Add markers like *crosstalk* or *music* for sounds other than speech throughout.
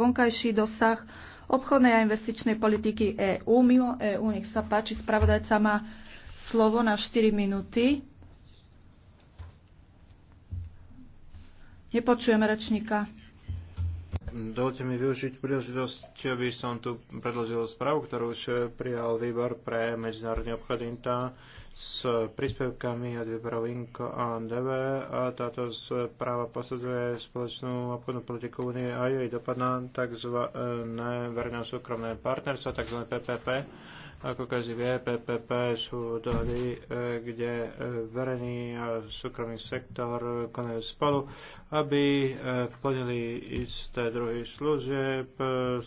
vonkajší dosah obchodnej a investičnej politiky EÚ. Mimo EÚ, nech sa páči, spravodajca má slovo na 4 minúty. Nepočujeme rečníka. Dovolte mi využiť príležitosť, aby som tu predložil správu, ktorú už prijal výbor pre medzinárodný obchod INTA s príspevkami od výborov INCO a NDV. a táto správa posudzuje spoločnú obchodnú politiku únie a jej dopad na tzv. verejné súkromné partnerstvo, tzv. PPP ako každý vie, PPP sú dohody, e, kde e, verejný a súkromný sektor konajú spolu, aby e, plnili isté druhy služieb,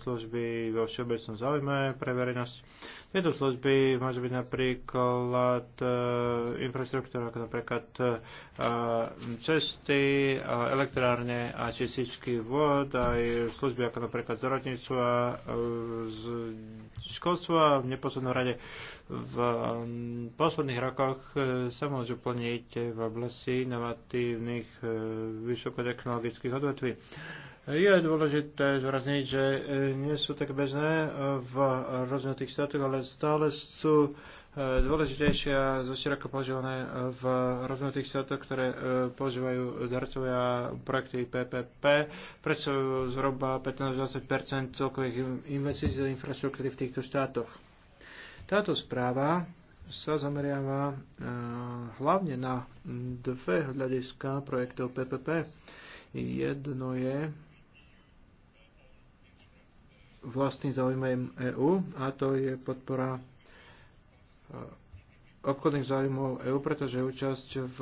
služby vo všeobecnom záujme pre verejnosť tieto služby môže byť napríklad uh, infraštruktúra, ako napríklad uh, cesty, uh, elektrárne a čističky vod, aj služby ako napríklad zdravotníctvo a uh, školstvo a v neposlednom rade v um, posledných rokoch uh, sa môžu plniť v oblasti inovatívnych uh, vysokotechnologických odvetví. Uh, je dôležité zvrazniť, že e, nie sú tak bežné e, v rozvinutých štátoch, ale stále sú e, dôležitejšie a zoširoko používané v rozvinutých štátoch, ktoré používajú darcovia projekty PPP. Predstavujú zhruba 15-20 celkových investícií do infraštruktúry v týchto štátoch. Táto správa sa zameriava hlavne na dve hľadiska projektov PPP. Jedno je vlastným záujmem EÚ a to je podpora e, obchodných záujmov EÚ, pretože účasť v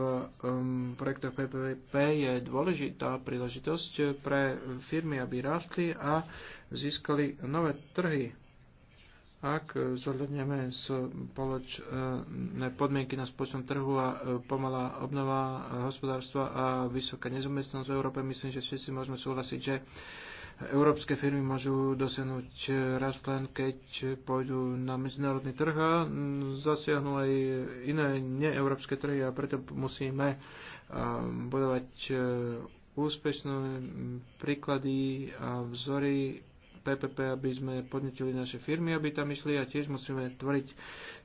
um, projektoch PPP je dôležitá príležitosť pre firmy, aby rástli a získali nové trhy. Ak zohľadneme spoločné podmienky na spoločnom trhu a e, pomalá obnova e, hospodárstva a vysoká nezamestnanosť v Európe, myslím, že všetci môžeme súhlasiť, že Európske firmy môžu dosiahnuť eh, rast len keď eh, pôjdu na medzinárodný trh a mm, zasiahnu aj iné neeurópske trhy a preto musíme eh, budovať úspešné mm, príklady a vzory PPP, aby sme podnetili naše firmy, aby tam išli a tiež musíme tvoriť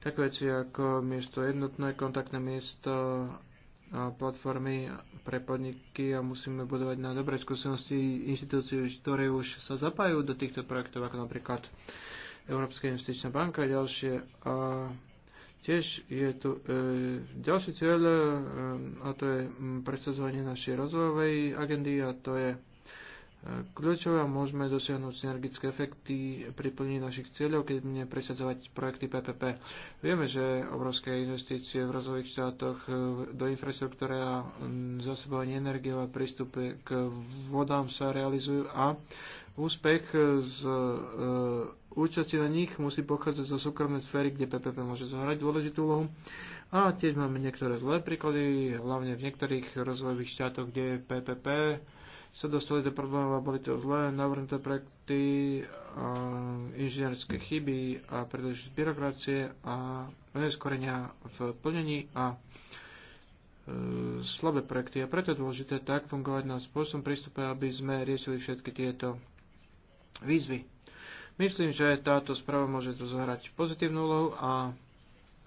také veci ako miesto jednotné, kontaktné miesto platformy pre podniky a musíme budovať na dobré skúsenosti inštitúcií, ktoré už sa zapájajú do týchto projektov, ako napríklad Európska investičná banka a ďalšie. A tiež je tu e, ďalší cieľ, e, a to je presadzovanie našej rozvojovej agendy, a to je kľúčové môžeme dosiahnuť synergické efekty pri plnení našich cieľov, keď budeme presadzovať projekty PPP. Vieme, že obrovské investície v rozvojových štátoch do infraštruktúry a zásobovanie energiou a prístupe k vodám sa realizujú a úspech z e, účasti na nich musí pochádzať zo súkromnej sféry, kde PPP môže zahrať dôležitú úlohu. A tiež máme niektoré zlé príklady, hlavne v niektorých rozvojových štátoch, kde je PPP sa dostali do problémov a boli to zlé navrhnuté projekty, inžinierské chyby a príležitosť byrokracie a neskorenia v plnení a e, slabé projekty. A preto je dôležité tak fungovať na spôsobom prístupe, aby sme riešili všetky tieto výzvy. Myslím, že táto správa môže tu zahrať pozitívnu úlohu a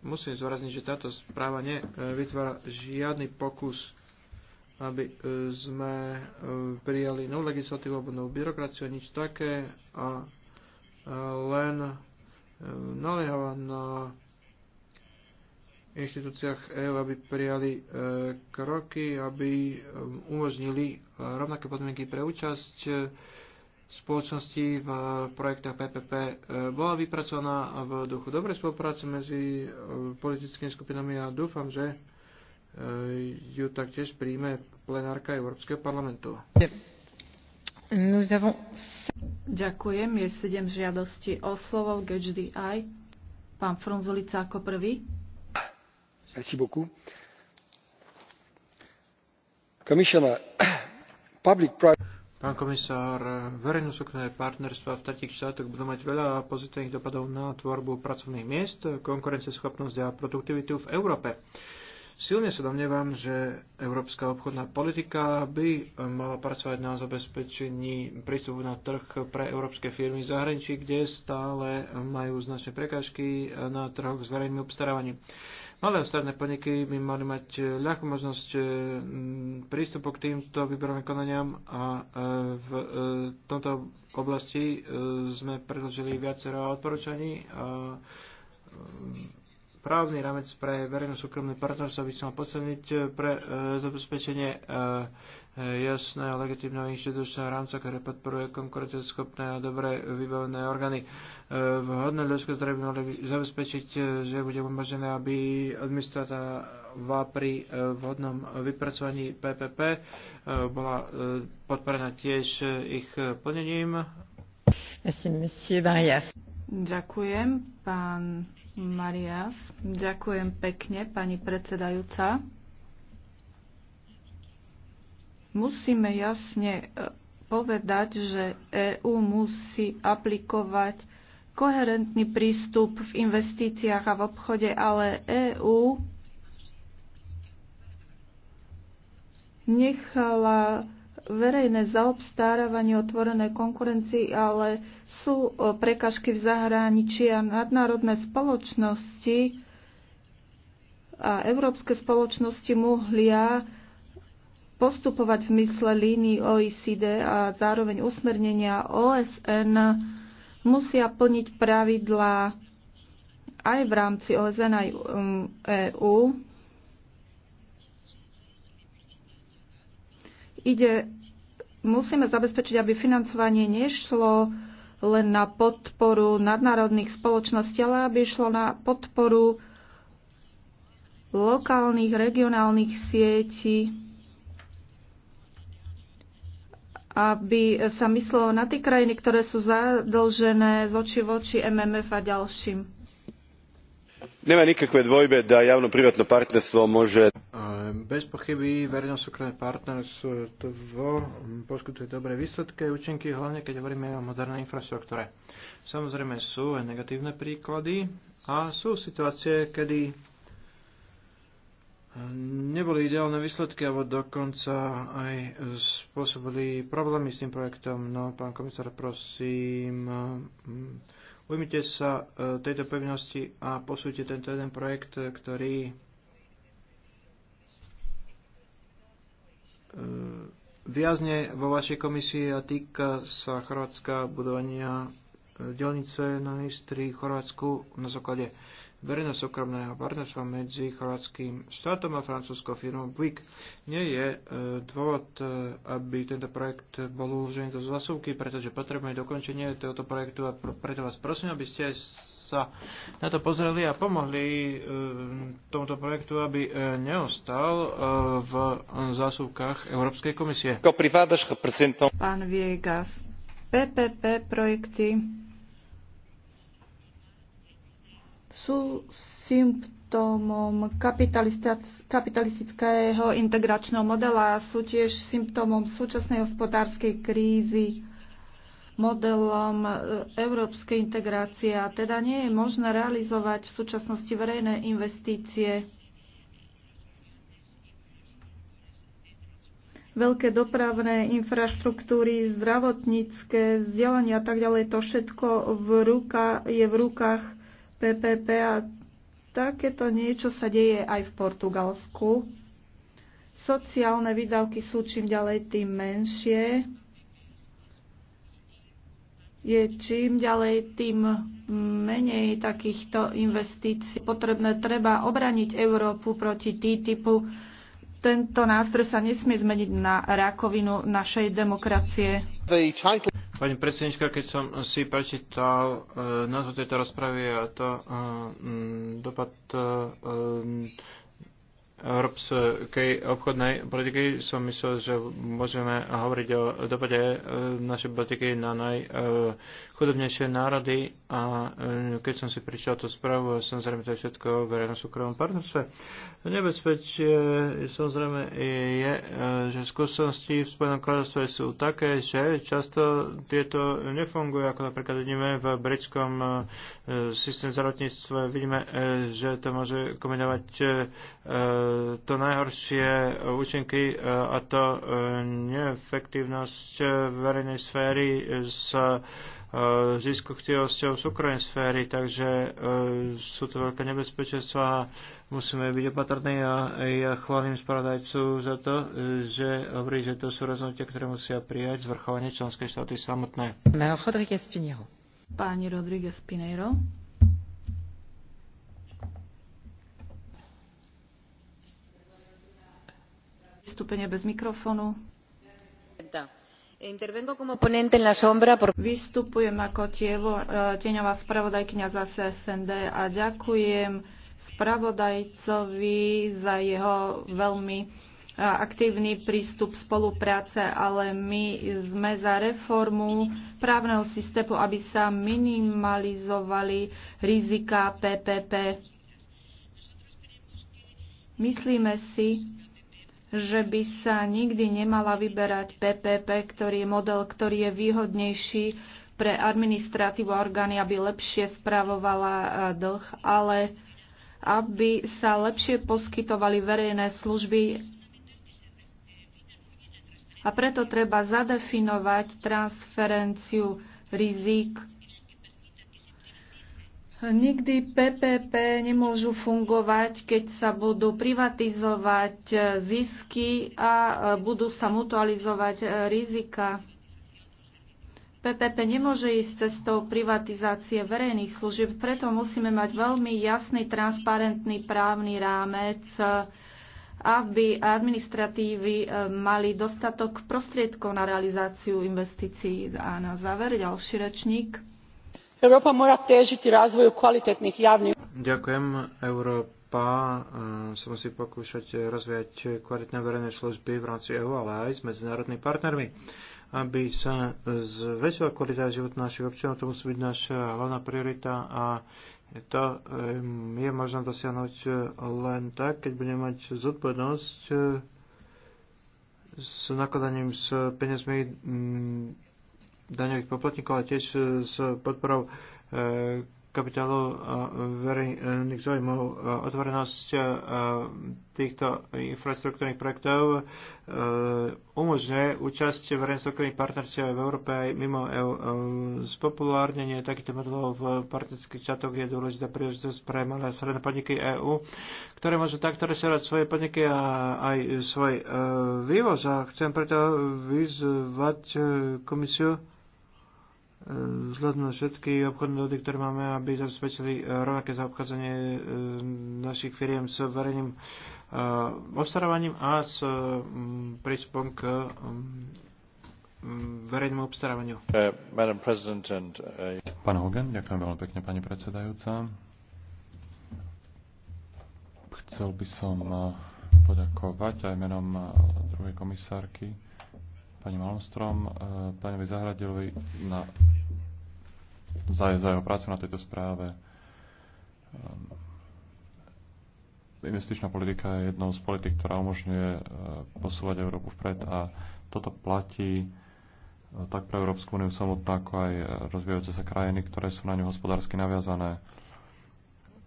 musím zvorazniť, že táto správa nevytvára žiadny pokus aby e, sme e, prijali novú legislatívu alebo novú byrokraciu, nič také a e, len naliehava na inštitúciách EÚ, aby prijali kroky, aby umožnili rovnaké podmienky pre účasť spoločnosti v projektoch PPP bola vypracovaná v duchu dobrej spolupráce medzi politickými skupinami a dúfam, že Eh, ju taktiež príjme plenárka Európskeho parlamentu. Ďakujem. Je sedem žiadosti o slovo v GHDI. Pán Fronzulica ako prvý. Merci beaucoup. Commissioner, *clears throat* public private Pán komisár, verejno-súkromné partnerstva v tretich štátoch budú mať veľa pozitívnych dopadov na tvorbu pracovných miest, konkurencieschopnosť a produktivitu v Európe. Silne sa domnievam, že európska obchodná politika by mala pracovať na zabezpečení prístupu na trh pre európske firmy v zahraničí, kde stále majú značné prekážky na trhoch s verejným obstarávaním. Malé a stredné podniky by mali mať ľahkú možnosť e, prístupu k týmto výberovým konaniam a e, v e, tomto oblasti sme predložili viacero odporúčaní a právny ramec pre verejno-súkromné partnerstvo by som mal posilniť eh, pre e, zabezpečenie e, eh, jasného legitímneho inštitučného rámca, ktoré podporuje konkurenceschopné a dobre vybavené orgány. Vhodné ľudské zdroje by mali zabezpečiť, že bude umožnené, aby administratáva pri vhodnom vypracovaní PPP bola podporená tiež ich plnením. Ďakujem, pán Marias. Ďakujem pekne, pani predsedajúca. Musíme jasne e, povedať, že EÚ musí aplikovať koherentný prístup v investíciách a v obchode, ale EÚ nechala verejné zaobstarávanie otvorené konkurencii, ale sú e, prekažky v zahraničí a nadnárodné spoločnosti a európske spoločnosti mohlia postupovať v zmysle línii OECD a zároveň usmernenia OSN musia plniť pravidlá aj v rámci OSN aj um, EÚ. Ide musíme zabezpečiť, aby financovanie nešlo len na podporu nadnárodných spoločností, ale aby šlo na podporu lokálnych, regionálnych sietí, aby sa myslelo na tie krajiny, ktoré sú zadlžené z oči voči MMF a ďalším. Nemá nikakve dvojbe da javno-privatno partnerstvo môže bez pochyby verejno-súkromné partnerstvo poskytuje dobré výsledky a účinky, hlavne keď hovoríme o modernej infraštruktúre. Samozrejme sú aj negatívne príklady a sú situácie, kedy neboli ideálne výsledky alebo dokonca aj spôsobili problémy s tým projektom. No, pán komisár, prosím, ujmite sa eh, tejto pevnosti a posúďte tento jeden projekt, ktorý E, viazne vo vašej komisii a týka sa Chorvátska budovania e, dielnice na Istri Chorvátsku na základe verejno-súkromného partnerstva medzi chorvátským štátom a francúzskou firmou Buick. Nie je e, dôvod, e, aby tento projekt bol uložený do zásuvky, pretože potrebujeme dokončenie tohoto projektu a preto vás prosím, aby ste aj sa na to pozreli a pomohli eh, tomuto projektu, aby eh, neostal eh, v zásuvkách Európskej komisie. Pán Viegas, PPP projekty sú symptómom kapitalistického integračného modela a sú tiež symptómom súčasnej hospodárskej krízy modelom e, európskej integrácie a teda nie je možné realizovať v súčasnosti verejné investície. Veľké dopravné infraštruktúry, zdravotnícke, vzdelanie a tak ďalej, to všetko v ruka, je v rukách PPP a takéto niečo sa deje aj v Portugalsku. Sociálne výdavky sú čím ďalej tým menšie je čím ďalej, tým menej takýchto investícií. Potrebné treba obraniť Európu proti TTIPu. Tento nástroj sa nesmie zmeniť na rakovinu našej demokracie. Pani predsednička, keď som si prečítal e, názov tejto rozpravy a to e, dopad e, európskej obchodnej politiky som myslel, že môžeme hovoriť o dopade e, našej politiky na najchudobnejšie národy a e, keď som si prečítal tú správu, samozrejme to je všetko o verejnom súkromnom partnerstve. Nebezpečie samozrejme je, e, že skúsenosti v Spojenom kráľovstve sú také, že často tieto nefungujú, ako napríklad vidíme v britskom systém zdravotníctve, vidíme, že to môže kombinovať to najhoršie e, účinky e, a to e, neefektívnosť verejnej sféry s ziskochtivosťou súkromnej sféry, takže sú to veľké nebezpečenstva a musíme byť opatrní a ja chválim spravodajcu za to, že hovorí, že to sú rozhodnutia, ktoré musia prijať zvrchovanie členské štáty samotné. Pani Rodríguez Pineiro. vystúpenie bez mikrofónu. Vystupujem ako e, tieňová spravodajkňa za SND a ďakujem spravodajcovi za jeho veľmi e, aktívny prístup spolupráce, ale my sme za reformu právneho systému, aby sa minimalizovali rizika PPP. Myslíme si, že by sa nikdy nemala vyberať PPP, ktorý je model, ktorý je výhodnejší pre administratívu a orgány, aby lepšie spravovala e, dlh, ale aby sa lepšie poskytovali verejné služby. A preto treba zadefinovať transferenciu rizik Nikdy PPP nemôžu fungovať, keď sa budú privatizovať eh, zisky a eh, budú sa mutualizovať eh, rizika. PPP nemôže ísť cestou privatizácie verejných služieb, preto musíme mať veľmi jasný, transparentný právny rámec, aby administratívy mali dostatok prostriedkov na realizáciu investícií. A na záver ďalší rečník európa mora težiti razvoju kvalitetnih javnih Ďakujem. Európa eh, sa musí pokúšať rozvíjať kvalitné verejné služby v rámci EÚ, ale aj s medzinárodnými partnermi. Aby sa zväčšila kvalita života našich občanov, to musí byť naša hlavná priorita a to eh, je možné dosiahnuť eh, len tak, keď budeme mať zodpovednosť s nakladaním s peniazmi mm, daňových poplatníkov ale tiež e, s podporou e, kapitálu a verejných zaujímav e, Otvorenosť týchto infraštruktúrnych projektov umožňuje účasť verejných súkromných partnerstiev v Európe aj mimo EU. Spopulárnenie takýchto modelov v partnerských čatoch je dôležitá príležitosť pre malé a stredné podniky EU, ktoré môžu takto rozširovať svoje podniky a aj svoj vývoz. A chcem preto vyzvať komisiu, vzhľadom na všetky obchodné dohody, ktoré máme, aby zabezpečili e, rovnaké zaobchádzanie e, našich firiem s verejným e, obstarávaním a s prístupom k verejnému obstarávaniu. Uh, uh, Pán Hogan, ďakujem veľmi pekne, pani predsedajúca. Chcel by som uh, poďakovať aj menom druhej komisárky pani Malmstrom, e, pánovi Zahradilovi na, za, za jeho prácu na tejto správe. Ehm, investičná politika je jednou z politik, ktorá umožňuje e, posúvať Európu vpred a toto platí e, tak pre Európsku úniu samotná, ako aj rozvíjajúce sa krajiny, ktoré sú na ňu hospodársky naviazané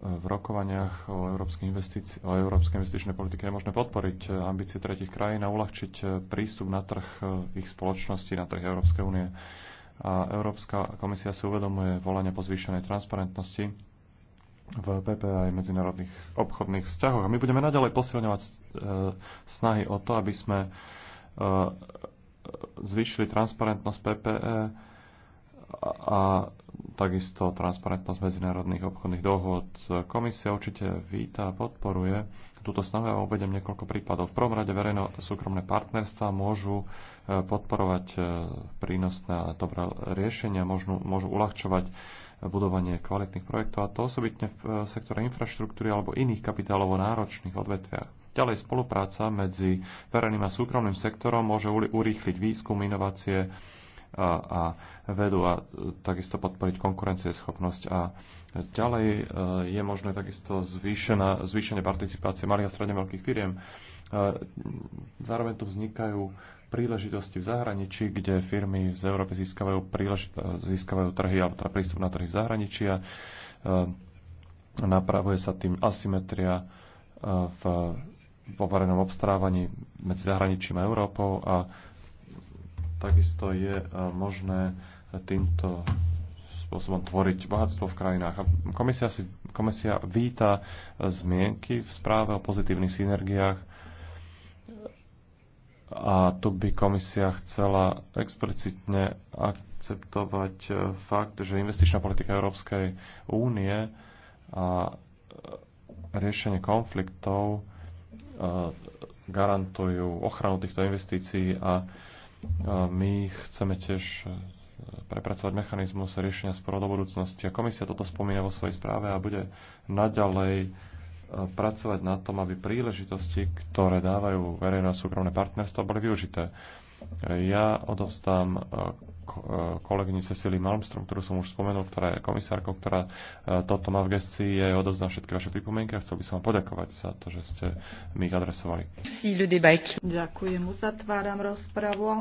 v rokovaniach o, európskej investíci- o európskej investičnej politike je možné podporiť eh, ambície tretich krajín a uľahčiť eh, prístup na trh eh, ich spoločnosti, na trh Európskej únie. A Európska komisia si uvedomuje volanie po zvýšenej transparentnosti v PP aj medzinárodných obchodných vzťahoch. A my budeme naďalej posilňovať snahy o to, aby sme zvýšili transparentnosť PPE a takisto transparentnosť medzinárodných obchodných dohôd. Komisia určite víta a podporuje túto snahu a uvedem niekoľko prípadov. V prvom rade verejno-súkromné partnerstva môžu e, podporovať e, prínosné a dobré riešenia, môžu, môžu uľahčovať e, budovanie kvalitných projektov a to osobitne v sektore infraštruktúry alebo iných kapitálovo náročných odvetviach. Ďalej spolupráca medzi verejným a súkromným sektorom môže urýchliť výskum, inovácie, a, a vedu a e, takisto podporiť konkurencieschopnosť. A ďalej e, je možné takisto zvýšená, zvýšenie participácie malých a stredne veľkých firiem. E, zároveň tu vznikajú príležitosti v zahraničí, kde firmy z Európy získavajú, získavajú trhy alebo teda prístup na trhy v zahraničí a napravuje sa tým asymetria v poverenom obstrávaní medzi zahraničím a Európou a takisto je e, možné týmto spôsobom tvoriť bohatstvo v krajinách. A komisia, si, komisia víta e, zmienky v správe o pozitívnych synergiách a tu by komisia chcela explicitne akceptovať e, fakt, že investičná politika Európskej únie a riešenie konfliktov garantujú ochranu týchto investícií a my chceme tiež e, prepracovať mechanizmus riešenia sporov do budúcnosti. A komisia toto spomína vo svojej správe a bude naďalej e, pracovať na tom, aby príležitosti, ktoré dávajú verejné a súkromné partnerstvo, boli využité. Ja odovstám e, kolegyni Cecily Malmström, ktorú som už spomenul, ktorá je komisárkou, ktorá toto má v gestii, je odovzdám všetky vaše pripomienky a chcel by som vám poďakovať za to, že ste mi ich adresovali. Ďakujem, uzatváram rozpravu.